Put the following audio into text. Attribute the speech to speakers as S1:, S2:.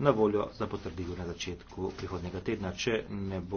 S1: na voljo za potrditev na začetku prihodnega tedna, če ne bo.